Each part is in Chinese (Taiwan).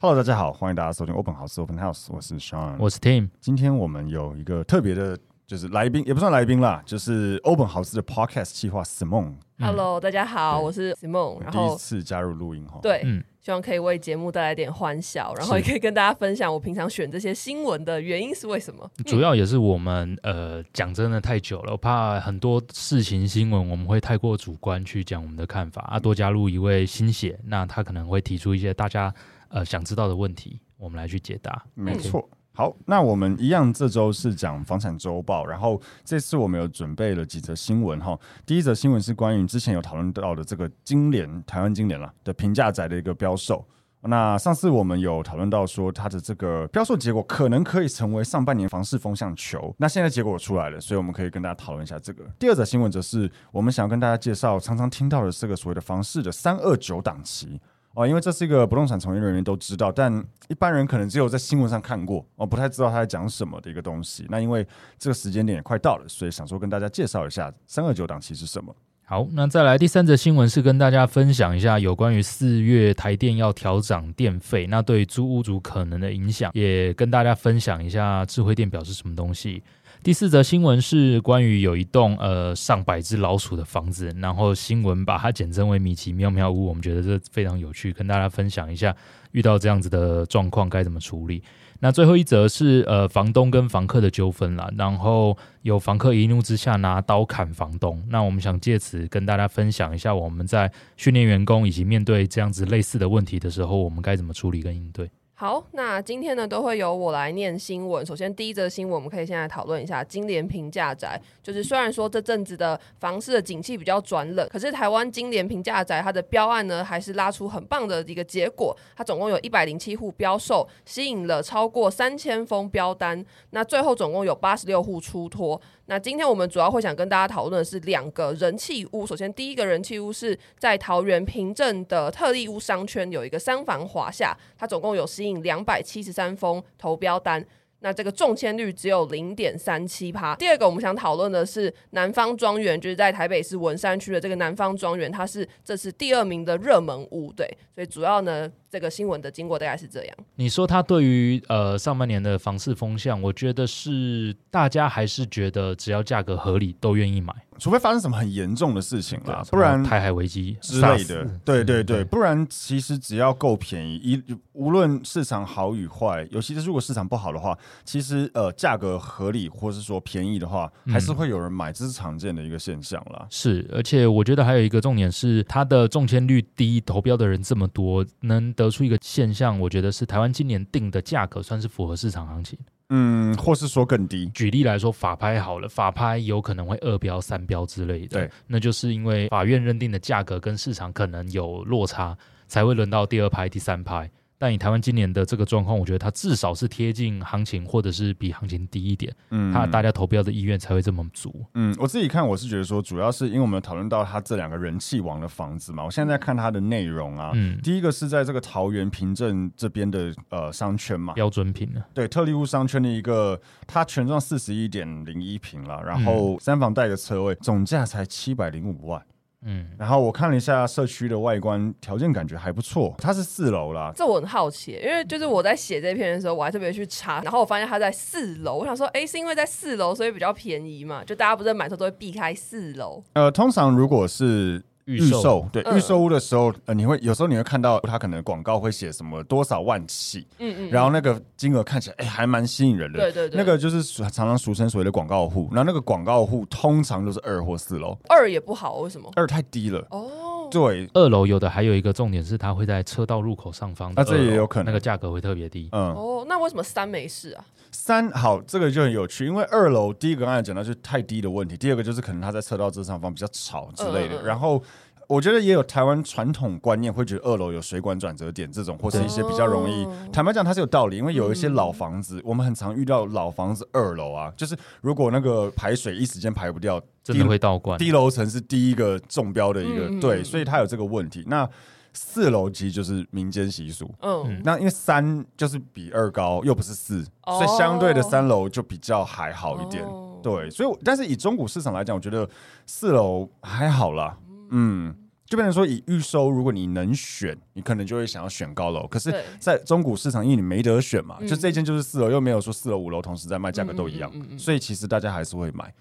Hello，大家好，歡迎大家收聽歐本豪斯 Open House，我是 Sean，我是 Tim，今天我們有一個特別的，就是來賓也不算來賓啦，就是 Open House 的 Podcast 計劃 Simon。嗯、Hello，大家好，對我是 Simon，後第一次加入錄音，對，嗯、希望可以為節目帶來點歡笑，然後也可以跟大家分享我平常選這些新聞的原因是為什麼？是主要也是我們呃講真的太久了，我怕很多事情新聞我們會太過主觀去講我們的看法啊，多加入一位新血，那他可能會提出一些大家。呃，想知道的問題，我們來去解答。沒錯錯，OK 好，那我們一樣，這周是講房產周報，然後這次我們有準備了幾則新聞哈。第一則新聞是關於之前有討論到的這個金聯台灣金聯啦的平價宅的一個標售。那上次我們有討論到說它的這個標售結果可能可以成為上半年房市風向球，那現在結果出來了，所以我們可以跟大家討論一下這個。第二則新聞則是我們想要跟大家介紹常常聽到的這個所謂的房市的三二九檔期。哦，因為這是一個不動產從業人員都知道，但一般人可能只有在新聞上看過，哦，不太知道他在講什麼的一個東西。那因為這個時間點也快到了，所以想說跟大家介紹一下三二九檔期是什麼。好，那再來第三則新聞是跟大家分享一下有關於四月台電要調漲電費，那對租屋族可能的影響，也跟大家分享一下智慧電表是什麼東西。第四則新聞是關於有一棟呃上百只老鼠的房子，然後新聞把它簡稱為米奇妙妙屋。我們覺得這非常有趣，跟大家分享一下遇到這樣子的狀況該怎麼處理。那最後一則是呃房東跟房客的糾紛了，然後有房客一怒之下拿刀砍房東。那我們想借此跟大家分享一下我們在訓練員工以及面對這樣子類似的問題的時候，我們該怎麼處理跟應對。好，那今天呢都會由我來念新聞。首先，第一則新聞，我們可以先來討論一下金聯平價宅。就是雖然說這陣子的房市的景氣比較轉冷，可是台灣金聯平價宅它的標案呢，還是拉出很棒的一個結果。它總共有一百零七戶標售，吸引了超過三千封標單。那最後總共有八十六戶出脫。那今天我們主要會想跟大家討論的是兩個人氣屋。首先，第一個人氣屋是在桃園平鎮的特力屋商圈，有一個三房華廈，它總共有吸引兩百七十三封投標單，那這個中籤率只有零點三七趴。第二個我們想討論的是南方莊園，就是在台北市文山區的這個南方莊園，它是這是第二名的熱門屋對，所以主要呢。這個新聞的經過大概是這樣。你說他對於呃上半年的房市風向，我覺得是大家還是覺得只要價格合理都願意買，除非發生什麼很嚴重的事情啦，對不然台海危機之類的，嗯、對對對，嗯、不然其實只要夠便宜，一、嗯、無論市場好與壞，尤其是如果市場不好的話，其實呃價格合理或是說便宜的話，嗯、還是會有人買，這是常見的一個現象啦。是，而且我覺得還有一個重點是，它的中籤率低，投標的人這麼多，能得出一個現象，我覺得是台灣今年定的價格算是符合市場行情。嗯，或是說更低。舉例來說，法拍好了，法拍有可能會二標、三標之類的，對，那就是因為法院認定的價格跟市場可能有落差，才會輪到第二拍、第三拍。但以台灣今年的這個狀況，我覺得它至少是貼近行情，或者是比行情低一點，它大家投標的意願才會這麼足。嗯，我自己看我是覺得說，主要是因為我們討論到它這兩個人氣王的房子嘛，我現在看它的內容啊，嗯、第一個是在這個桃園平鎮這邊的呃商圈嘛，標準品的、啊，對，特力屋商圈的一個，它全幢四十一點零一平了，然後三房帶的個車位，總價才七百零五萬。嗯，然後我看了一下社區的外觀條件，感覺還不錯。它是四樓啦，這我很好奇，因為就是我在寫這篇的時候，我還特別去查，然後我發現它在四樓。我想說，哎，是因為在四樓所以比較便宜嘛？就大家不是買車都會避開四樓？呃，通常如果是。預售，預售對、嗯、預售屋的時候，呃，你會有時候你會看到他可能廣告會寫什麼多少萬起、嗯，嗯嗯，然後那個金額看起來哎，還蠻吸引人的，對對對，對對那個就是常常俗稱所謂的廣告戶，然後那個廣告戶通常都是二或四樓，二也不好，為什麼？二太低了哦，對，二樓有的還有一個重點是它會在車道入口上方，那、啊、這也有可能，那個價格會特別低，嗯哦，那為什麼三沒事啊？三好，這個就很有趣，因為二樓第一個剛才講到就是太低的問題，第二個就是可能它在車道之上方比較吵之類的。呃、然後我覺得也有台灣傳統觀念會覺得二樓有水管轉折點這種，對或是一些比較容易。哦、坦白講，它是有道理，因為有一些老房子，嗯、我們很常遇到老房子二樓啊，就是如果那個排水一時間排不掉，真的會倒灌。低樓層是第一個中標的一個、嗯、對，所以它有這個問題。那四樓即就是民間習俗，嗯，那因為三就是比二高，又不是四，哦、所以相對的三樓就比較還好一點。哦、對，所以我但是以中古市場來講，我覺得四樓還好啦，嗯，嗯，就變成說以預售，如果你能選，你可能就會想要選高樓。可是，在中古市場，因為你沒得選嘛，嗯、就這間就是四樓，又沒有說四樓五樓同時在賣，價格都一樣，嗯嗯嗯嗯嗯，所以其實大家還是會買。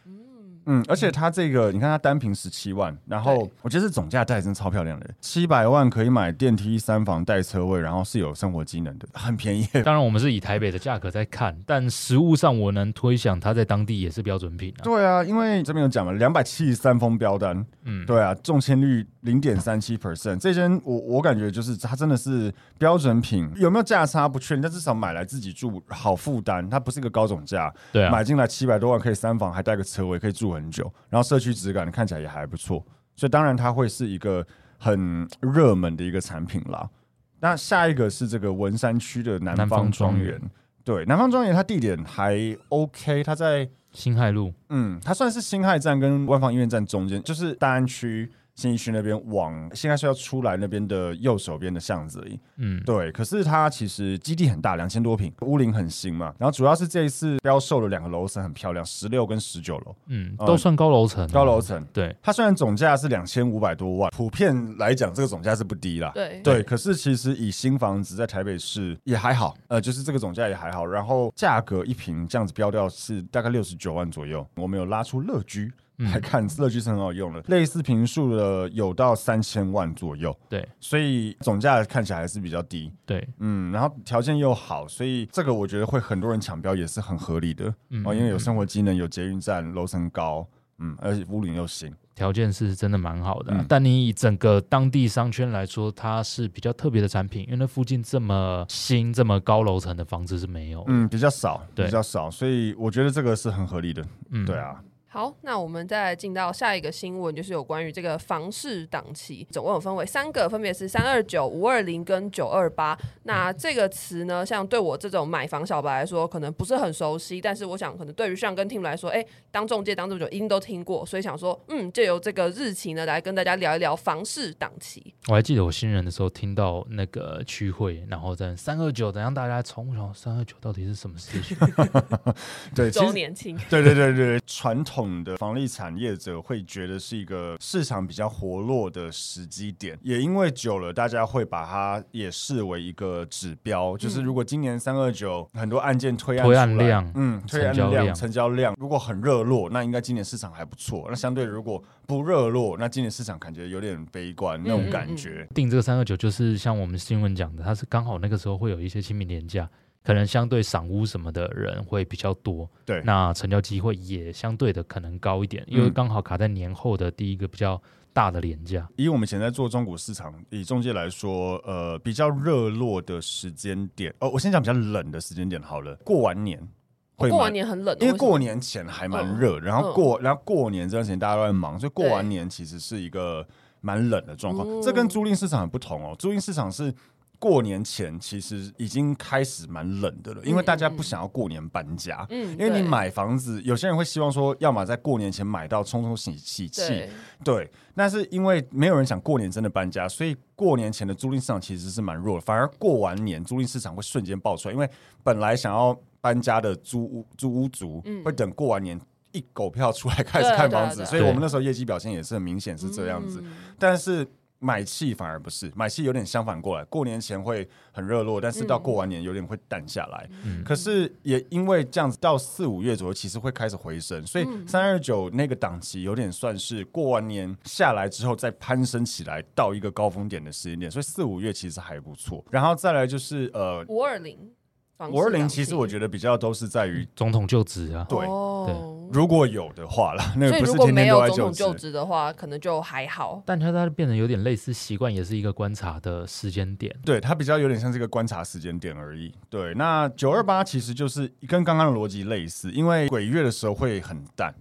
嗯，而且它這個，嗯、你看它單坪十七萬，然後對我覺得總價帶真的超漂亮的，七百萬可以買電梯三房帶車位，然後是有生活機能的，很便宜。嗯、當然我們是以台北的價格在看， 但實物上我能推想它在當地也是標準品、啊。對啊，因為這邊有講嘛，兩百七十三封標單，嗯，對啊，中籤率零點三七 percent，這間我我感覺就是它真的是標準品，有沒有價差不確定，但至少買來自己住好負擔，它不是一個高總價，對、啊，買進來七百多萬可以三房還帶個車位，可以住。很久，然後社區質感看起來也還不錯，所以當然它會是一個很熱門的一個產品啦。那下一個是這個文山區的南方莊園，對，南方莊園它地點還 OK，它在辛亥路，嗯，它算是辛亥站跟萬芳醫院站中間，就是大安區。信義區那邊往，現在是要出來那邊的右手邊的巷子裡，嗯，對。可是它其實基地很大，兩千多坪，屋齡很新嘛。然後主要是這一次標售的兩個樓層，很漂亮，十六跟十九樓，嗯，都算高樓層，啊嗯。高樓層，對。它雖然總價是兩千五百多萬，普遍來講，這個總價是不低啦。對，對。對，可是其實以新房子在台北市也還好，呃，就是這個總價也還好。然後價格一坪這樣子標掉是大概六十九萬左右，我們有拉出樂居，來看、嗯嗯、樂居是很好用的，類似坪數的有到三千萬左右，對，所以總價看起來還是比較低，對，嗯，然後條件又好，所以這個我覺得會很多人搶標也是很合理的，嗯、哦，因為有生活機能，嗯、有捷運站，樓層高，嗯，而且屋頂又新，條件是真的蠻好的、啊。嗯、但你以整個當地商圈來說，它是比較特別的產品，因為那附近這麼新、這麼高樓層的房子是沒有，嗯，比較少，對比較少，所以我覺得這個是很合理的，嗯，對啊。好，那我們再進到下一個新聞，就是有關於這個房市檔期，總共有分為三個，分別是三二九、五二零跟九二八。那這個詞呢，像對我這種買房小白來說，可能不是很熟悉，但是我想，可能對於 Shawn 跟 Tim 來說，哎，當中介當這麼久，應該都聽過，所以想說，嗯，就由這個日期呢，來跟大家聊一聊房市檔期。我還記得我新人的時候，聽到那個區會，然後在三二九，等樣大家衝，三二九到底是什麼事情？ 對，週年慶。對對對對對，傳統。 的房地產業者會覺得是一個市場比較活絡的時機點，也因為久了，大家會把它也視為一個指標。嗯。就是如果今年三二九很多案件推案，推案量，嗯，推案量成交量，成交量如果很熱絡，那應該今年市場還不錯。那相對如果不熱絡，那今年市場感覺有點悲觀，嗯、那種感覺，嗯。嗯嗯、定這個三二九就是像我們新聞講的，它是剛好那個時候會有一些清明連假。可能相對賞屋什麼的人會比較多，對，那成交機會也相對的可能高一點，因為剛好卡在年後的第一個比較大的廉價、嗯。以我們現在做中古市場，以中介來說，呃，比較熱絡的時間點，哦，我先講比較冷的時間點好了。過完年會、哦、過完年很冷、哦，因為過年前還蠻熱，嗯、然後過然後過年這段時間大家都在忙，嗯、所以過完年其實是一個蠻冷的狀況。嗯、這跟租賃市場很不同哦，租賃市場是。過年前其實已經開始蠻冷的了，嗯、因為大家不想要過年搬家。嗯，因為你買房子，嗯、有些人會希望說，要麼在過年前買到沖沖，沖沖喜喜氣。對，但是因為沒有人想過年真的搬家，所以過年前的租賃市場其實是蠻弱的。反而過完年，租賃市場會瞬間爆出來，因為本來想要搬家的租租屋族會等過完年一狗票出來開始看房子，所以我們那時候業績表現也是很明顯是這樣子。對嗯、但是。買氣反而不是，買氣有點相反過來，過年前會很熱絡，但是到過完年有點會淡下來。嗯、可是也因為這樣子，到四五月左右其實會開始回升，所以三二九那個檔期有點算是過完年下來之後再攀升起來到一個高峰點的時間點，所以四五月其實還不錯。然後再來就是呃五二零。五二零其實我覺得比較都是在於、嗯、總統就職啊，對對，哦、如果有的話啦，那個不是天天都在就職，如果沒有總統就職的話，可能就還好。但它它變得有點類似習慣，也是一個觀察的時間點。對，它比較有點像這個觀察時間點而已。對，那九二八其實就是跟剛剛的邏輯類似，因為鬼月的時候會很淡。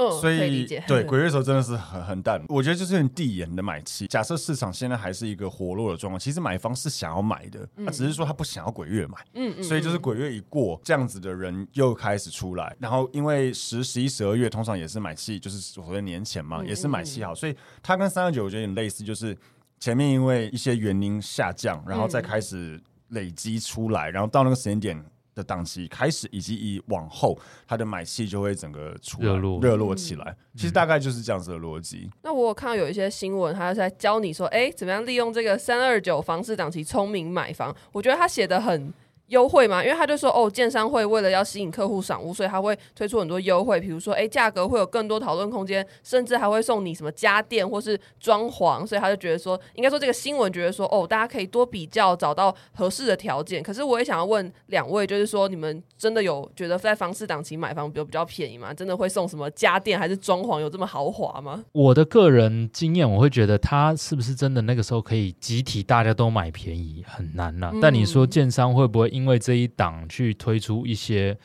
Oh, 所以，以對呵呵鬼月的時候真的是很很淡，我覺得就是很遞延的買氣。假設市場現在還是一個活絡的狀況，其實買方是想要買的，嗯、只是說他不想要鬼月買。嗯嗯。所以就是鬼月一過，嗯、這樣子的人又開始出來，嗯、然後因為十、十一、十二月通常也是買氣，就是所謂年前嘛，嗯、也是買氣好，所以他跟三二九我覺得很類似，就是前面因為一些原因下降，然後再開始累積出來，嗯、然後到那個時間點。的檔期開始，以及以往後，他的買氣就會整個出熱熱落絡起來。嗯、其實大概就是這樣子的邏輯。嗯、那我有看到有一些新聞，他是在教你說：“哎、欸，怎麼樣利用這個三二九房市檔期聰明買房？”我覺得他寫的很。優惠嘛，因為他就說哦，建商會為了要吸引客戶賞屋，所以他會推出很多優惠，比如說哎，價、欸、格會有更多討論空間，甚至還會送你什麼家電或是裝潢，所以他就覺得說，應該說這個新聞覺得說哦，大家可以多比較，找到合適的條件。可是我也想要問兩位，就是說你們真的有覺得在房市檔期買房比較比較便宜嗎？真的會送什麼家電還是裝潢有這麼豪華嗎？我的個人經驗，我會覺得他是不是真的那個時候可以集體大家都買便宜很難了、啊。嗯、但你說建商會不會？因為這一檔去推出一些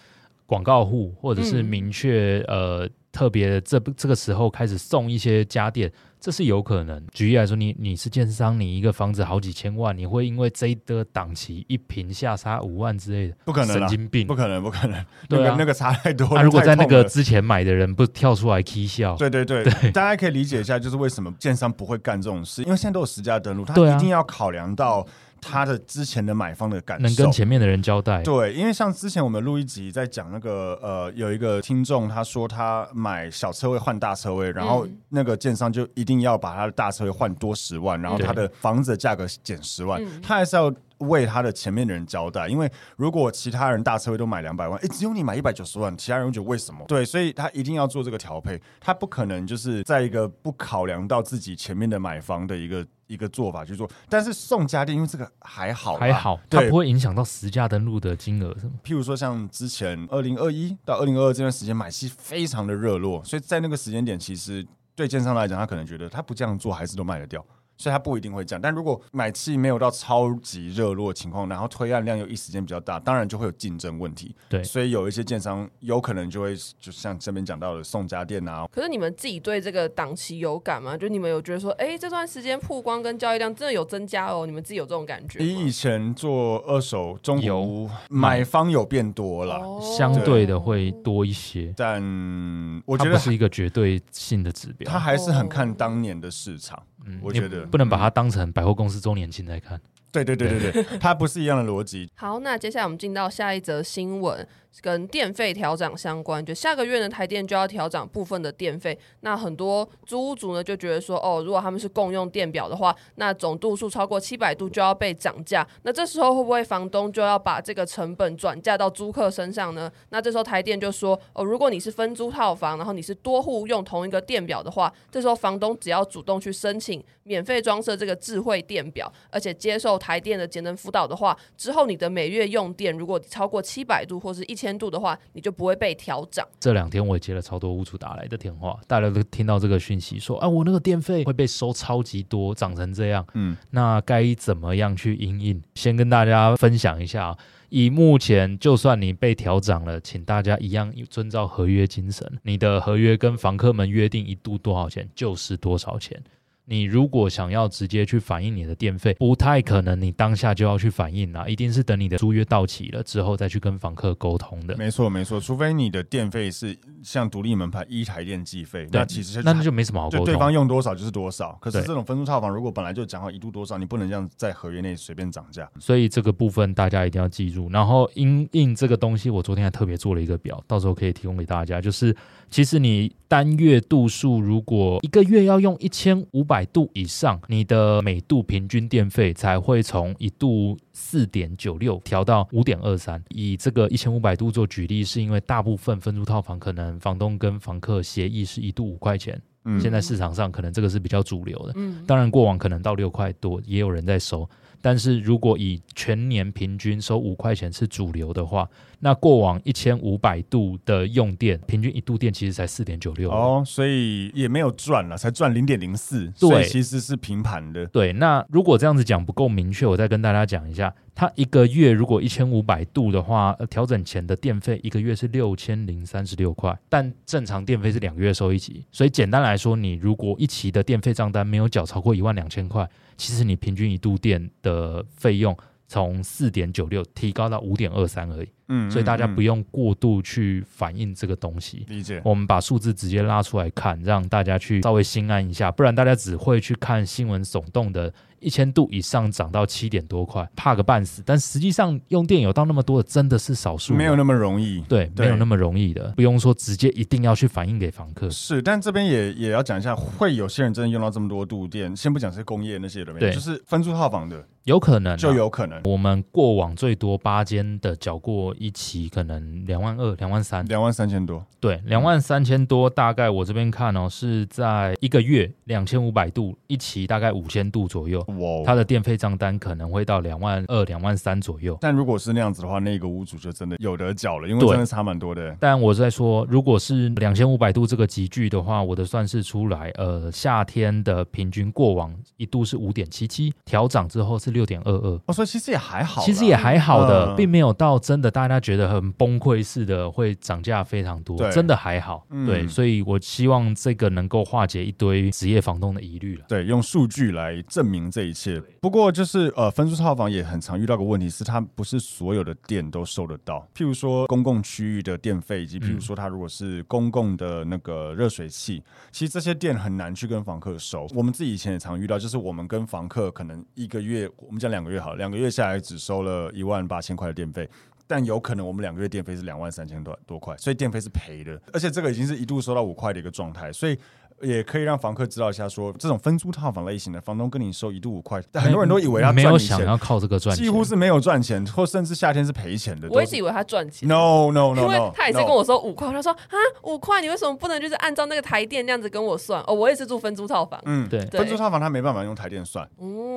廣告戶，或者是明確、嗯、呃特別這這個時候開始送一些家電，這是有可能。舉例來說，你你是建商，你一個房子好幾千萬，你會因為這一的檔期一坪下殺五萬之類的，不可能，神經病，不可能，不可能。那個對、啊、那個差太多太。那、啊、如果在那個之前買的人不跳出來 k 笑，對對對，對大家可以理解一下，就是為什麼建商不會幹這種事，因為現在都有實價登錄，他一定要考量到。他的之前的買方的感受，能跟前面的人交代。對，因為像之前我們錄一集在講那個，呃，有一個聽眾他說他買小車位換大車位，然後那個建商就一定要把他的大車位換多十萬，然後他的房子的價格減十萬，嗯對，他還是要。為他的前面的人交代，因為如果其他人大車位都買兩百萬，誒，只有你買一百九十萬，其他人覺得為什麼？對，所以他一定要做這個調配，他不可能就是在一個不考量到自己前面的買房的一個一個做法去做。但是送家電，因為這個還好，還好，對它不會影響到實價登錄的金額，是嗎？譬如說像之前二零二一到二零二二這段時間，買氣非常的熱絡，所以在那個時間點，其實對建商來講，他可能覺得他不這樣做還是都賣得掉。所以他不一定會這樣，但如果買氣沒有到超級熱絡的情況，然後推案量又一時間比較大，當然就會有競爭問題。對，所以有一些建商有可能就會，就像這邊講到的送家電啊。可是你們自己對這個檔期有感嗎？就你們有覺得說，哎，這段時間曝光跟交易量真的有增加哦？你們自己有這種感覺？比以前做二手中有買方有變多了，嗯、相對的會多一些，對但我覺得不是一個絕對性的指標，他還是很看當年的市場。哦、我覺得、嗯。不能把它當成百貨公司週年慶來看。對對對對對，它不是一樣的邏輯。 好，那接下來我們進到下一則新聞，跟電費調漲相關。就下個月呢，台電就要調漲部分的電費。那很多租屋主呢，就覺得說，哦，如果他們是共用電表的話，那總度數超過七百度就要被漲價。那這時候會不會房東就要把這個成本轉嫁到租客身上呢？那這時候台電就說，哦，如果你是分租套房，然後你是多戶用同一個電表的話，這時候房東只要主動去申請免費裝設這個智慧電表，而且接受。台電的節能輔導的話，之後你的每月用電如果超過七百度或是一千度的話，你就不會被調漲。這兩天我也接了超多屋主打來的電話，大家都聽到這個訊息說，啊，我那個電費會被收超級多，漲成這樣。嗯，那該怎麼樣去應對？先跟大家分享一下啊，以目前就算你被調漲了，請大家一樣遵照合約精神，你的合約跟房客們約定一度多少錢就是多少錢。你如果想要直接去反映你的電費，不太可能，你當下就要去反映啦、啊，一定是等你的租約到期了之後再去跟房客溝通的。沒錯沒錯，除非你的電費是像獨立門牌一台電計費，對那其實就那就沒什麼好溝通，對方用多少就是多少。可是這種分租套房，如果本來就講好一度多少，對你不能這樣在合約內隨便漲價。所以這個部分大家一定要記住。然後因應這個東西，我昨天還特別做了一個表，到時候可以提供給大家。就是其實你單月度數，如果一個月要用一千五百。百度以上，你的每度平均電費才會從一度四點九六調到五點二三。以這個一千五百度做舉例，是因為大部分分租套房可能房東跟房客協議是一度五塊錢，嗯、現在市場上可能這個是比較主流的。嗯、當然，過往可能到六塊多也有人在收。但是如果以全年平均收五塊錢是主流的話，那過往一千五百度的用電，平均一度電其實才四點九六，哦，所以也沒有賺了，才賺零點零四，對，其實是平盤的。對，那如果這樣子講不夠明確，我再跟大家講一下。它一個月如果一千五百度的話，調整前的電費一個月是六千零三十六塊，但正常電費是兩個月收一季，所以簡單來說，你如果一期的電費賬單沒有繳超過一萬兩千塊，其實你平均一度電的費用從四點九六提高到五點二三而已。嗯，嗯，嗯、所以大家不用過度去反映這個東西。理解，我們把數字直接拉出來看，讓大家去稍微心安一下。不然大家只會去看新聞，聳動的，一千度以上漲到七點多塊，怕個半死。但實際上用電有到那麼多的，真的是少數，沒有那麼容易。對，沒有那麼容易的，對 不用說直接一定要去反映給房客。是，但這邊也也要講一下，會有些人真的用到這麼多度電，先不講是工業那些的，對，就是分租套房的，有可能、啊、就有可能。我們過往最多八間的繳過。一期可能兩萬二、兩萬三、兩萬三千多。對，兩萬三千多，大概我這邊看哦，是在一個月兩千五百度一期大概五千度左右。哇哦，它的電費賬單可能會到兩萬二、兩萬三左右。但如果是那樣子的話，那個屋主就真的有得繳了，因為真的差蠻多的。但我在說，如果是兩千五百度這個級距的話，我的算式出來，呃，夏天的平均過往一度是五點七七，調漲之後是六點二二。我說、哦、其實也還好，其實也還好的，嗯、並沒有到真的大。大家覺得很崩潰似的，會漲價非常多，對真的還好。嗯、對，所以我希望這個能夠化解一堆職業房東的疑慮。對，用數據來證明這一切。對不過就是呃，分租套房也很常遇到個問題是，它不是所有的電都收得到。譬如說公共區域的電費，以及譬如說它如果是公共的那個熱水器，嗯、其實這些電很難去跟房客收。我們自己以前也常遇到，就是我們跟房客可能一個月，我們講兩個月好了，兩個月下來只收了一萬八千塊的電費。但有可能我們兩個月電費是兩萬三千多多塊，所以電費是賠的，而且這個已經是一度收到五塊的一個狀態，所以。也可以讓房客知道一下，說這種分租套房類型的房東跟你收一度五塊，但很多人都以為他沒有想要靠這個賺錢，幾乎是沒有賺錢，或甚至夏天是賠錢的。我一直以為他賺錢，No No No 因為他也是跟我說五塊，他說啊五塊，你為什麼不能就是按照那個台電那樣子跟我算？哦，我也是住分租套房，嗯，對，分租套房他沒辦法用台電算，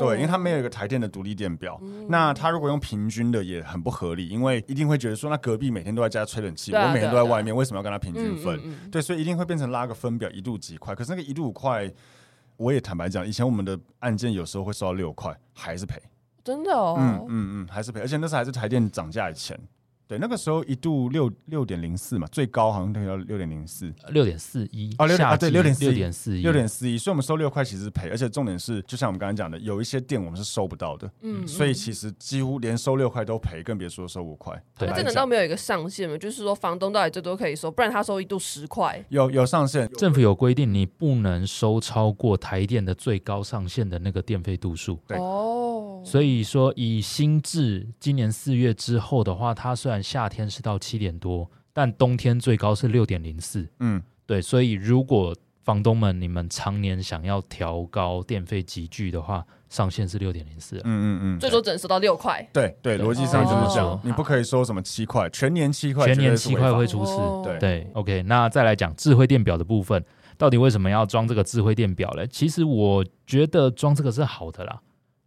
對，因為他沒有一個台電的獨立電表。那他如果用平均的也很不合理，因為一定會覺得說那隔壁每天都在家吹冷氣，我每天都在外面，為什麼要跟他平均分？對，所以一定會變成拉個分表一度幾塊。可是那個一度五塊，我也坦白講，以前我們的案件有時候會收到六塊，還是賠，真的哦，嗯嗯嗯，還是賠，而且那時候還是台電漲價的錢。對，那個時候一度六六點零四嘛，最高好像都要六點零四，六點四一啊，六季啊對，六點四六點四一六點四一，41，所以我們收六塊其實是賠，而且重點是，就像我們剛才講的，有一些電我們是收不到的，嗯，所以其實幾乎連收六塊都賠，更別說收五塊。對，對講這難道沒有一個上限嗎？就是說，房東到底最多可以收，不然他收一度十塊。有有上限，有政府有規定，你不能收超過台電的最高上限的那個電費度數。對哦，所以說以新制今年四月之後的話，它雖然夏天是到七點多，但冬天最高是六點零四。嗯，對，所以如果房東們你們常年想要調高電費級距的話，上限是六點零四。嗯嗯嗯，最多只能收到六塊。對對，邏輯上怎麼講？你不可以說什麼七塊，全年七塊，全年七塊會出事。對對，OK。那再來講智慧電表的部分，到底為什麼要裝這個智慧電表呢？其實我覺得裝這個是好的啦。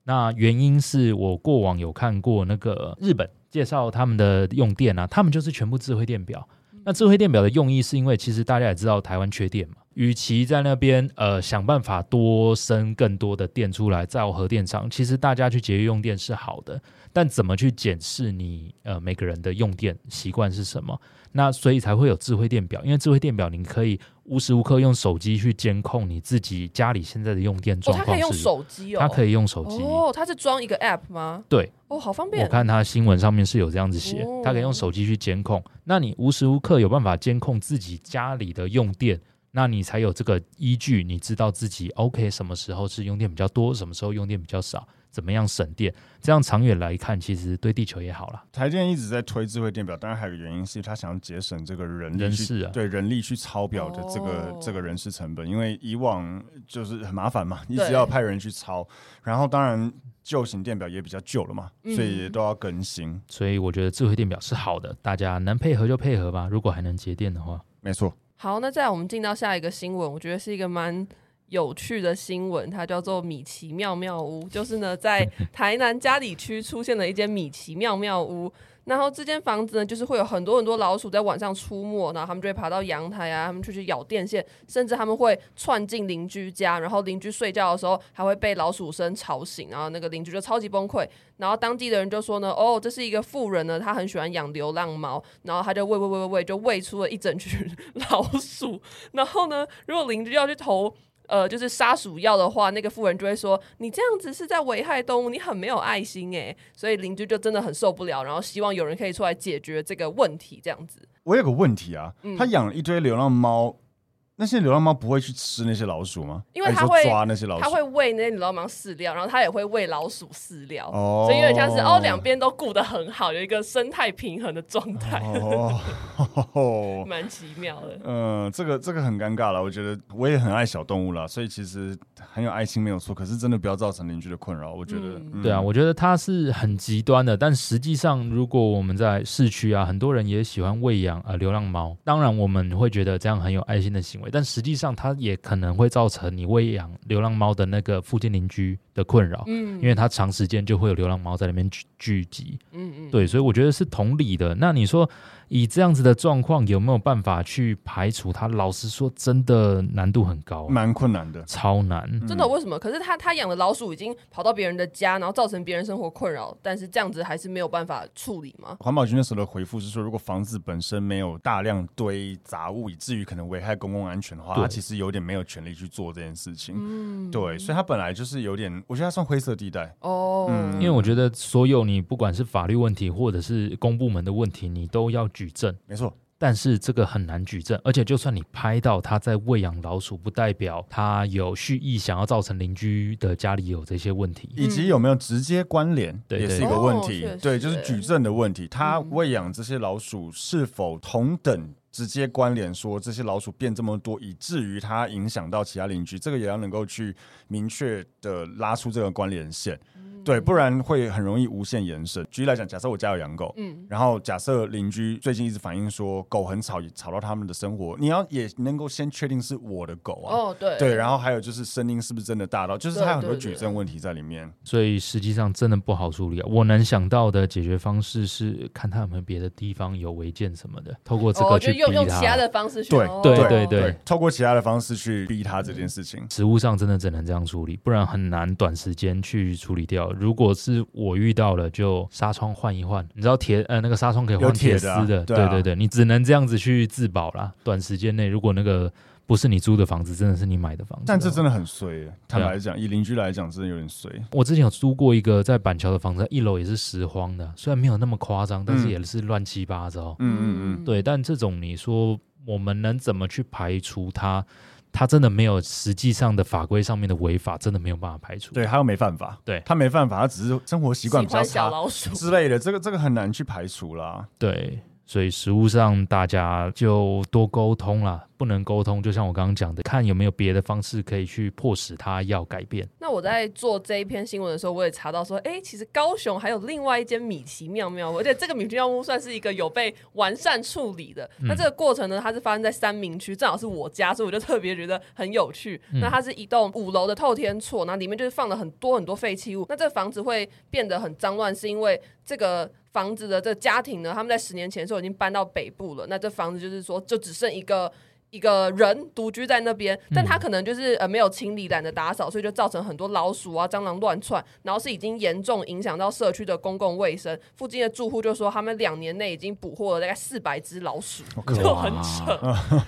那原因是我過往有看過那個日本介紹他們的用電啊，他們就是全部智慧電表。那智慧電表的用意是因為其實大家也知道台灣缺電嘛，與其在那邊呃想辦法多生更多的電出來造核電廠，其實大家去節約用電是好的。但怎麼去檢視你呃每個人的用電習慣是什麼？那所以才會有智慧電表，因為智慧電表你可以。無時無刻用手機去監控你自己家裡現在的用電狀況是。哦，它可以用手機哦，它可以用手機。哦，oh，它是裝一個 app 嗎？對。哦，oh，好方便。我看它新聞上面是有這樣子寫，它、oh。它可以用手機去監控。那你無時無刻有辦法監控自己家裡的用電，那你才有這個依據，你知道自己 OK 什麼時候是用電比較多，什麼時候用電比較少。怎麼樣省電？這樣長遠來看，其實對地球也好了。台電一直在推智慧電表，當然還有原因，是他想要節省這個人力人事啊，對人力去抄表的這個、哦、這個人事成本，因為以往就是很麻煩嘛，一直要派人去抄。對然後當然舊型電表也比較舊了嘛，嗯、所以都要更新。所以我覺得智慧電表是好的，大家能配合就配合吧。如果還能節電的話，沒錯。好，那再我們進到下一個新聞，我覺得是一個蠻。有趣的新聞，它叫做《米奇妙妙屋》，就是呢，在台南佳里區出現了一間米奇妙妙屋。然後這間房子呢，就是會有很多很多老鼠在晚上出沒，然後他們就會爬到陽台啊，他們出去，去咬電線，甚至他們會竄進鄰居家，然後鄰居睡覺的時候還會被老鼠聲吵醒，然後那個鄰居就超級崩潰。然後當地的人就說呢，哦，這是一個富人呢，他很喜歡養流浪貓，然後他就餵喂喂喂喂，就餵出了一整群老鼠。然後呢，如果鄰居要去投。呃，就是殺鼠藥的話，那個婦人就會說，你這樣子是在危害動物，你很沒有愛心誒，所以鄰居就真的很受不了，然後希望有人可以出來解決這個問題這樣子。我有個問題啊，他養了一堆流浪貓。那些流浪貓不會去吃那些老鼠嗎？因為它會抓那些老鼠，它會餵那些流浪貓飼料，然後它也會餵老鼠飼料，哦、所以有點像是哦，兩邊都顧得很好，有一個生態平衡的狀態，哦，蠻奇妙的。嗯，這個這個很尷尬了，我覺得我也很愛小動物啦，所以其實。很有愛心沒有錯，可是真的不要造成鄰居的困擾。我覺得，嗯嗯、對啊，我覺得它是很極端的。但實際上，如果我們在市區啊，很多人也喜歡餵養啊流浪貓。當然，我們會覺得這樣很有愛心的行為，但實際上它也可能會造成你餵養流浪貓的那個附近鄰居的困擾。嗯，因為它長時間就會有流浪貓在裡面聚聚集。嗯嗯，對，所以我覺得是同理的。那你說？以這樣子的狀況，有沒有辦法去排除他？老實說，真的難度很高，蠻困難的，超難，嗯、真的。為什麼？可是他他養的老鼠已經跑到別人的家，然後造成別人生活困擾，但是這樣子還是沒有辦法處理嗎？環保局那時候的回復是說，如果房子本身沒有大量堆雜物，以至於可能危害公共安全的話，對他其實有點沒有權利去做這件事情。嗯，對，所以他本來就是有點，我覺得他算灰色地帶哦，嗯、因為我覺得所有你不管是法律問題或者是公部門的問題，你都要。舉證沒錯，但是這個很難舉證，而且就算你拍到他在餵養老鼠，不代表他有蓄意想要造成鄰居的家裡有這些問題，以及有沒有直接關聯，也是一個問題。對，就是舉證的問題，他餵養這些老鼠是否同等直接關聯，說這些老鼠變這麼多，以至於它影響到其他鄰居，這個也要能夠去明確的拉出這個關聯線。嗯對，不然會很容易無限延伸。舉例來講，假設我家有養狗，嗯，然後假設鄰居最近一直反映說狗很吵，吵到他們的生活，你要也能夠先確定是我的狗啊，哦，對，對，然後還有就是聲音是不是真的大到，就是還有很多舉證問題在裡面，對對對對，所以實際上真的不好處理。啊。我能想到的解決方式是看他們有沒有別的地方有違建什麼的，透過這個去逼他。哦、對、哦、對，對對對，透過其他的方式去逼他這件事情、嗯，實務上真的只能這樣處理，不然很難短時間去處理掉。如果是我遇到了，就紗窗換一換。你知道鐵呃那個紗窗可以換鐵絲的，的啊對，啊、對對對，你只能這樣子去自保啦。短時間內，如果那個不是你租的房子，真的是你買的房子，但這真的很衰，欸。坦白講，啊、以鄰居來講，真的有點衰。我之前有租過一個在板橋的房子，一樓也是拾荒的，雖然沒有那麼誇張，但是也是亂七八糟。嗯嗯嗯，對。但這種你說我們能怎麼去排除它？他真的沒有實際上的法規上面的違法，真的沒有辦法排除。對，他又沒犯法，對，他沒犯法，他只是生活習慣，比較小老鼠之類的，這個這個很難去排除啦。對。所以實務上，大家就多溝通啦，不能溝通，就像我剛剛講的，看有沒有別的方式可以去迫使他要改變。那我在做這一篇新聞的時候，我也查到說，哎、欸，其實高雄還有另外一間米奇妙妙屋，而且這個米奇妙妙屋算是一個有被完善處理的。嗯、那這個過程呢，它是發生在三民區，正好是我家，所以我就特別覺得很有趣。嗯、那它是一棟五樓的透天厝，那裡面就是放了很多很多廢棄物。那這個房子會變得很髒亂，是因為，這個房子的這個家庭呢，他們在十年前的時候已經搬到北部了。那這房子就是說，就只剩一個，一個人獨居在那邊，但他可能就是呃沒有清理，懶得打掃，所以就造成很多老鼠啊、蟑螂亂竄，然後是已經嚴重影響到社區的公共衛生。附近的住戶就說，他們兩年內已經捕獲了大概四百只老鼠，Oh, God. 就很扯。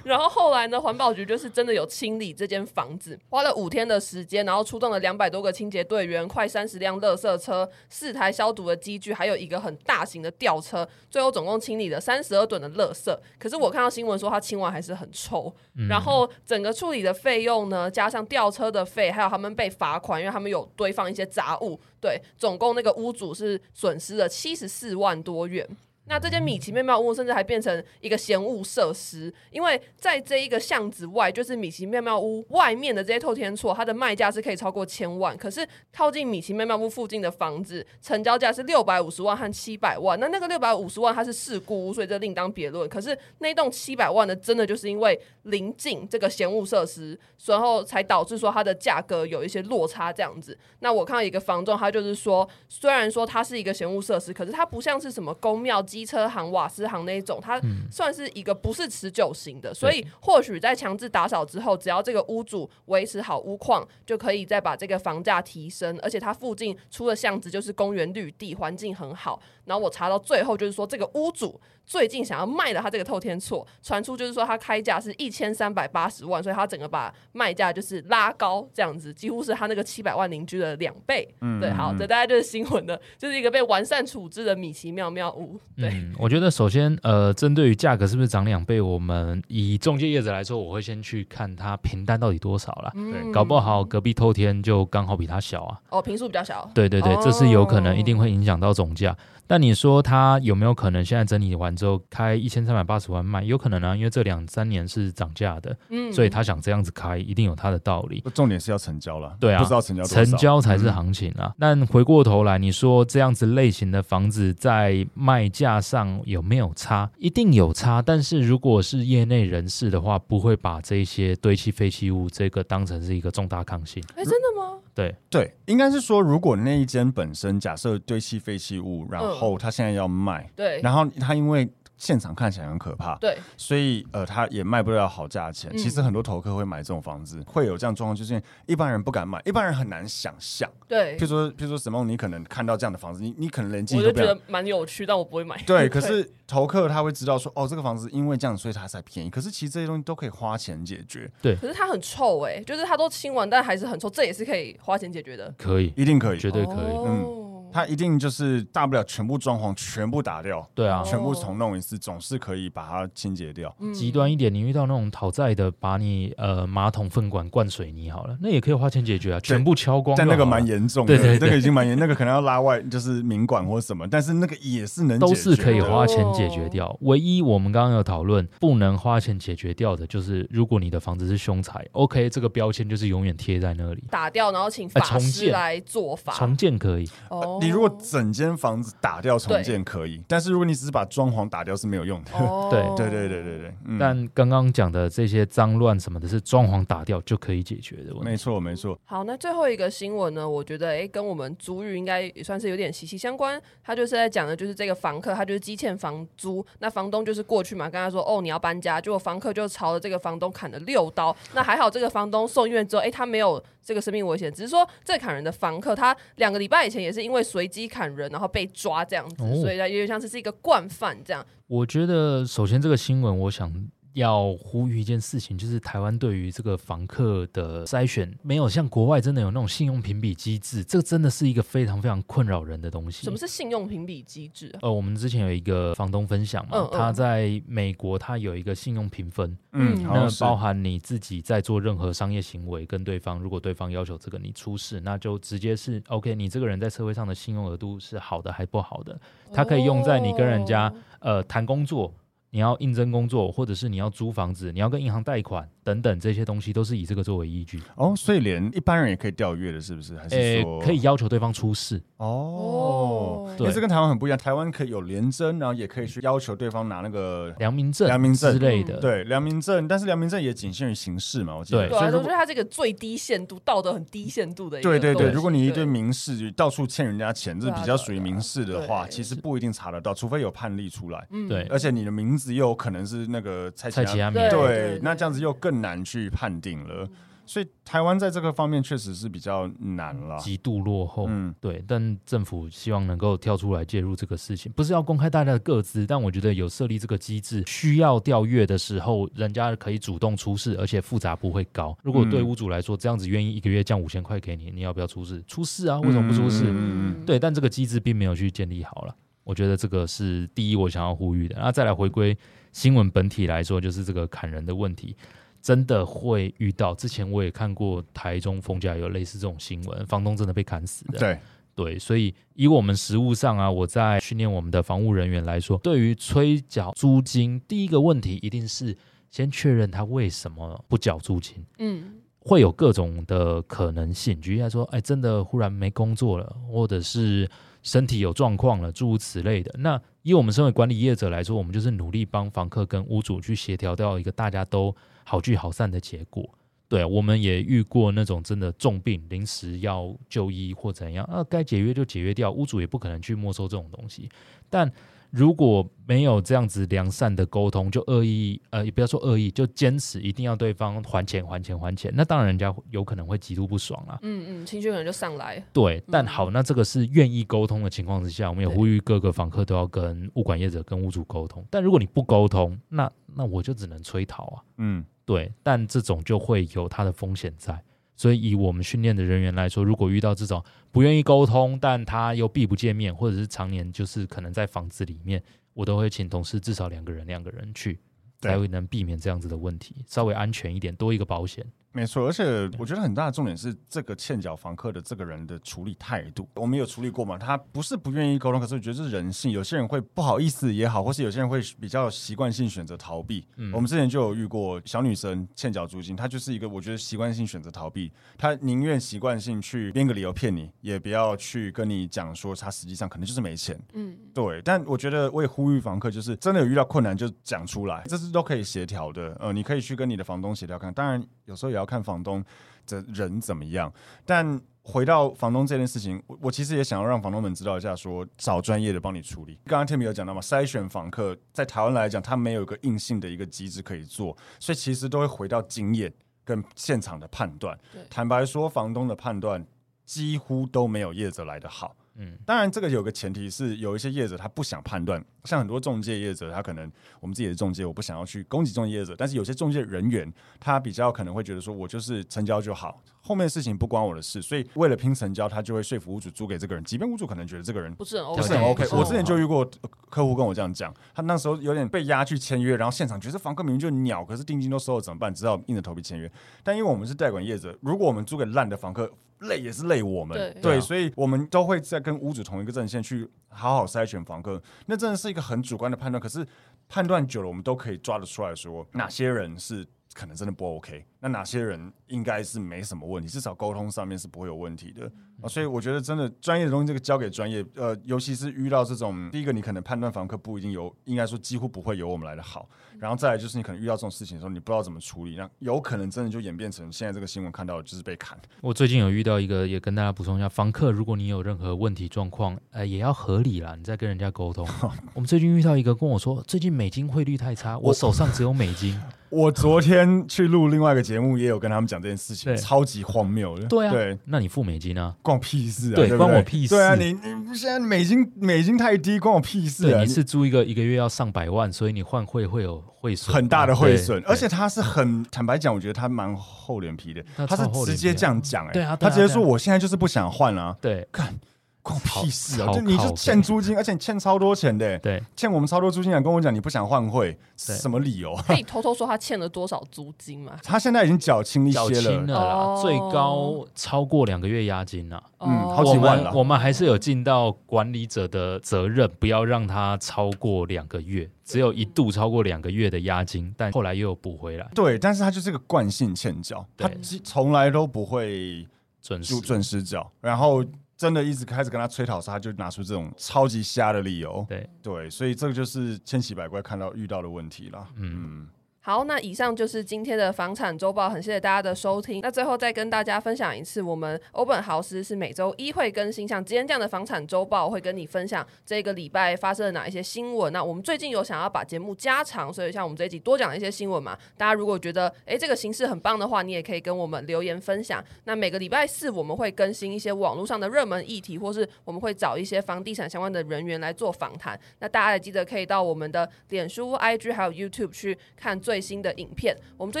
然後後來呢，環保局就是真的有清理這間房子，花了五天的時間，然後出動了兩百多個清潔隊員，快三十輛垃圾車，四台消毒的機具，還有一個很大型的吊車，最後總共清理了三十二噸的垃圾。可是我看到新聞說，他清完還是很臭。頭，然後整個處理的費用呢，加上吊車的費，還有他們被罰款，因為他們有堆放一些雜物。對，總共那個屋主是損失了七十四萬多元。那這間米奇妙妙屋甚至還變成一個嫌惡設施，因為在這一個巷子外，就是米奇妙妙屋外面的這些透天厝，它的賣價是可以超過千萬。可是靠近米奇妙妙屋附近的房子，成交價是六百五十萬和七百萬。那那個六百五十萬它是事故屋，所以這另當別論。可是那一棟七百萬的，真的就是因為臨近這個嫌惡設施，所以然後才導致說它的價格有一些落差這樣子。那我看到一個房仲，他就是說，雖然說它是一個嫌惡設施，可是它不像是什麼宮廟。機車行、瓦斯行那種，它算是一個不是持久型的，嗯、所以或許在強制打掃之後，對只要這個屋主維持好屋況，就可以再把這個房價提升。而且它附近出的巷子就是公園綠地，環境很好。然後我查到最後，就是說這個屋主最近想要賣的，他這個透天厝傳出就是說他開價是一千三百八十萬，所以他整個把賣價就是拉高這樣子，幾乎是他那個七百萬鄰居的兩倍。嗯，對，好，這大概就是新聞了，就是一個被完善處置的米奇妙妙屋。對嗯，我覺得首先，呃，針對於價格是不是漲兩倍，我們以中介業者來說，我會先去看它坪單到底多少啦。嗯，對，搞不好隔壁透天就剛好比它小啊。哦，坪數比較小。對對對，這是有可能，一定會影響到總價。哦但你說他有沒有可能現在整理完之後開一千三百八十萬賣？有可能啊，因為這兩三年是漲價的，嗯，所以他想這樣子開，一定有他的道理。重點是要成交了，對啊，不知道要成交，成交才是行情啊。那、嗯、回過頭來，你說這樣子類型的房子在賣價上有沒有差？一定有差。但是如果是業內人士的話，不會把這些堆砌廢棄物這個當成是一個重大抗性。哎、欸，真的嗎？對對，應該是說，如果那一間本身假設堆砌廢棄物，然後他現在要賣，嗯、對，然後他因為。現場看起來很可怕，對，所以呃，他也賣不了好價錢。嗯、其實很多投客會買這種房子，會有這樣狀況，就是一般人不敢買，一般人很難想象。對，譬，譬如說譬如說什麼，你可能看到這樣的房子，你你可能連自己都我覺得蠻有趣，但我不會買。對，可是對投客他會知道說，哦，這個房子因為這樣，所以它才便宜。可是其實這些東西都可以花錢解決。對，可是它很臭哎、欸，就是它都清完，但還是很臭，這也是可以花錢解決的。可以，一定可以，絕對可以。嗯。他一定就是大不了全部裝潢全部打掉，對啊，全部重弄一次，哦、總是可以把它清潔掉。極端一點，你遇到那種討債的，把你呃馬桶糞管灌水泥好了，那也可以花錢解決啊，對全部敲光。但那個蠻嚴重的，對對，對，那個已經蠻嚴，那個可能要拉外就是民管或什麼，但是那個也是能解決都是可以花錢解決掉。哦、唯一我們剛剛有討論不能花錢解決掉的就是，如果你的房子是凶財 o k 這個標籤就是永遠貼在那裡，打掉，然後請法師來做法，呃、重，建重建可以哦。你如果整間房子打掉重建可以，對但是如果你只是把裝潢打掉是沒有用的。對對對對對對。哦嗯、但剛剛講的這些髒亂什麼的是裝潢打掉就可以解決的問題。沒錯沒錯。好，那最後一個新聞呢？我覺得哎、欸，跟我們租寓應該也算是有點息息相關。他就是在講的就是這個房客他就是積欠房租，那房東就是過去嘛，跟他說哦，你要搬家，結果房客就朝着這個房東砍了六刀。那還好這個房東送醫院之後，哎、欸、他沒有這個生命危險，只是說這砍人的房客他兩個禮拜以前也是因為。隨機砍人，然後被抓這樣子，哦，所以他有點像這是一個慣犯這樣。我覺得，首先這個新聞，我想要呼籲一件事情，就是台灣對於這個房客的篩選，沒有像國外真的有那種信用評比機制，這真的是一個非常非常困擾人的東西。什麼是信用評比機制？呃，我們之前有一個房東分享嘛，嗯、他在美國他有一個信用評分，嗯，那包含你自己在做任何商業行為跟對方，如果對方要求這個你出示，那就直接是 OK，你這個人在社會上的信用額度是好的還是不好的？他可以用在你跟人家、哦、呃談工作，你要應徵工作，或者是你要租房子，你要跟銀行貸款。等等這些東西都是以這個作為依據哦，所以連一般人也可以調閱的，是不是？還是說可以要求對方出示？哦，對，這跟台灣很不一樣。台灣可以有聯徵，然後也可以去要求對方拿那個良民證、良民證之類的。對，良民證，但是良民證也僅限於刑事嘛，我記得。對，所以我覺得他這個最低限度道德很低限度的。對對對，如果你一堆民事就到處欠人家錢，這比較屬於民事的話，其實不一定查得到，除非有判例出來。嗯，對，而且你的名字又有可能是那個菜市仔名。對，那這樣子又更。更難去判定了，所以台灣在這個方面確實是比較難了，極度落後。嗯，對。但政府希望能夠跳出來介入這個事情，不是要公開大家的個資。但我覺得有設立這個機制，需要調閱的時候，人家可以主動出示，而且複雜度會高。如果對屋主來說，嗯、這樣子願意一個月降五千塊給你，你要不要出示？出示啊？為什麼不出示？嗯、對。但這個機制並沒有去建立好了，我覺得這個是第一我想要呼籲的。那再來回歸新聞本體來說，就是這個砍人的問題。真的會遇到，之前我也看過台中逢甲有類似這種新聞，房東真的被砍死的。對對，所以以我們實務上啊，我在訓練我們的房務人員來說，對於催繳租金，第一個問題一定是先確認他為什麼不繳租金。嗯，會有各種的可能性，舉例來說，哎，真的忽然沒工作了，或者是身體有狀況了，諸如此類的。那以我們身為管理業者來說，我們就是努力幫房客跟屋主去協調到一個大家都。好聚好散的結果，對，我們也遇過那種真的重病，臨時要就醫或怎樣，那、啊、該解約就解約掉，屋主也不可能去沒收這種東西，但。如果沒有這樣子良善的溝通，就惡意，呃，也不要說惡意，就堅持一定要對方還錢、還錢、還錢，那當然人家有可能會極度不爽啦、啊。嗯嗯，情緒可能就上來。對，但好，嗯、那這個是願意溝通的情況之下，我們也呼籲各個房客都要跟物管業者、跟屋主溝通。對但如果你不溝通，那那我就只能催討啊。嗯，對，但這種就會有它的風險在。所以，以我們訓練的人員來說，如果遇到這種不願意溝通，但他又避不見面，或者是常年就是可能在房子裡面，我都會請同事至少兩個人，兩個人去，才會能避免這樣子的問題，對稍微安全一點，多一個保險。沒錯，而且我覺得很大的重點是這個欠繳房客的這個人的處理態度。我們有處理過嘛？他不是不願意溝通，可是我覺得這是人性。有些人會不好意思也好，或是有些人會比較習慣性選擇逃避。嗯，我們之前就有遇過小女生欠繳租金，她就是一個我覺得習慣性選擇逃避，她寧願習慣性去編個理由騙你，也不要去跟你講說她實際上可能就是沒錢。嗯，對。但我覺得我也呼籲房客，就是真的有遇到困難就講出來，這是都可以協調的。呃，你可以去跟你的房東協調看。當然，有時候也。要看房東的人怎麼樣，但回到房東這件事情，我我其實也想要讓房東們知道一下說，說找專業的幫你處理。剛剛 Tim 有講到嘛，篩選房客在台灣來講，它沒有一個硬性的一個機制可以做，所以其實都會回到經驗跟現場的判斷。對坦白說，房東的判斷幾乎都沒有業者來得好。嗯，當然，這個有個前提是有一些業者他不想判斷，像很多中介業者，他可能我們自己的中介，我不想要去攻擊中介業者，但是有些中介人員他比較可能會覺得說，我就是成交就好，後面的事情不關我的事，所以為了拼成交，他就會說服屋主租給這個人，即便屋主可能覺得這個人不是很 OK，不是很 OK，嗯，我之前就遇過客戶跟我這樣講，他那時候有點被壓去簽約，然後現場覺得房客明明就鳥，可是定金都收了怎麼辦？只好硬着頭皮簽約。但因為我們是代管業者，如果我們租給爛的房客。累也是累我們，對，對對啊，所以我們都會在跟屋主同一個陣線去好好篩選房客，那真的是一個很主觀的判斷。可是判斷久了，我們都可以抓得出來說，哪些人是可能真的不 OK。那哪些人應該是沒什麼問題，至少溝通上面是不會有問題的啊！所以我覺得真的專業的東西，這個交給專業。呃，尤其是遇到這種，第一個你可能判斷房客不一定有，應該說幾乎不會有我們來的好。然後再來就是你可能遇到這種事情的時候，你不知道怎麼處理，那有可能真的就演變成現在這個新聞看到的就是被砍。我最近有遇到一個，也跟大家補充一下，房客如果你有任何問題狀況，呃，也要合理啦，你再跟人家溝通。 我們最近遇到一個跟我說，最近美金匯率太差，我手上只有美金。 我昨天去錄另外一個節目。嗯節目也有跟他們講這件事情，超級荒謬的。對啊，那你付美金啊？關我屁事啊！關我屁事！對啊，你你不是現在美金美金太低，關我屁事！你一次租一個，一個月要上百萬，所以你換匯會有匯損，很大的匯損。而且他是很坦白講，我覺得他蠻厚臉皮的，他是直接這樣講哎，他直接說我現在就是不想換了。對，看。關屁事啊！就你是欠租金，而且你欠超多錢的，對，欠我們超多租金。你跟我講，你不想換會是什麼理由？那你偷偷說他欠了多少租金嘛？他現在已經繳清一些了，最高超過兩個月押金了。嗯，好幾萬了。我們還是有盡到管理者的責任，不要讓他超過兩個月，只有一度超過兩個月的押金，但後來又有補回來。對，但是他就是個慣性欠繳，他從來都不會準時準時繳，然後。真的一直開始跟他催討時他就拿出這種超級瞎的理由。對對，所以這個就是千奇百怪看到遇到的問題了。嗯。嗯好，那以上就是今天的房產週報，很謝謝大家的收聽。那最後再跟大家分享一次，我們歐本豪斯是每週一會更新，像今天這樣的房產週報會跟你分享這個禮拜發生了哪一些新聞。那我們最近有想要把節目加長，所以像我們這一集多講一些新聞嘛。大家如果覺得誒、欸、這個形式很棒的話，你也可以跟我們留言分享。那每個禮拜四我們會更新一些網絡上的熱門議題，或是我們會找一些房地產相關的人員來做訪談。那大家也記得可以到我們的臉書、IG 還有 YouTube 去看。最新的影片，我們最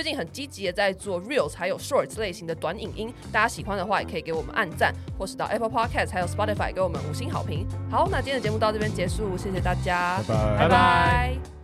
近很積極的在做 reels 還有 shorts 類型的短影音，大家喜歡的話也可以給我們按讚，或是到 Apple Podcast 還有 Spotify 給我們五星好評。好，那今天的節目到這邊結束，謝謝大家，拜拜。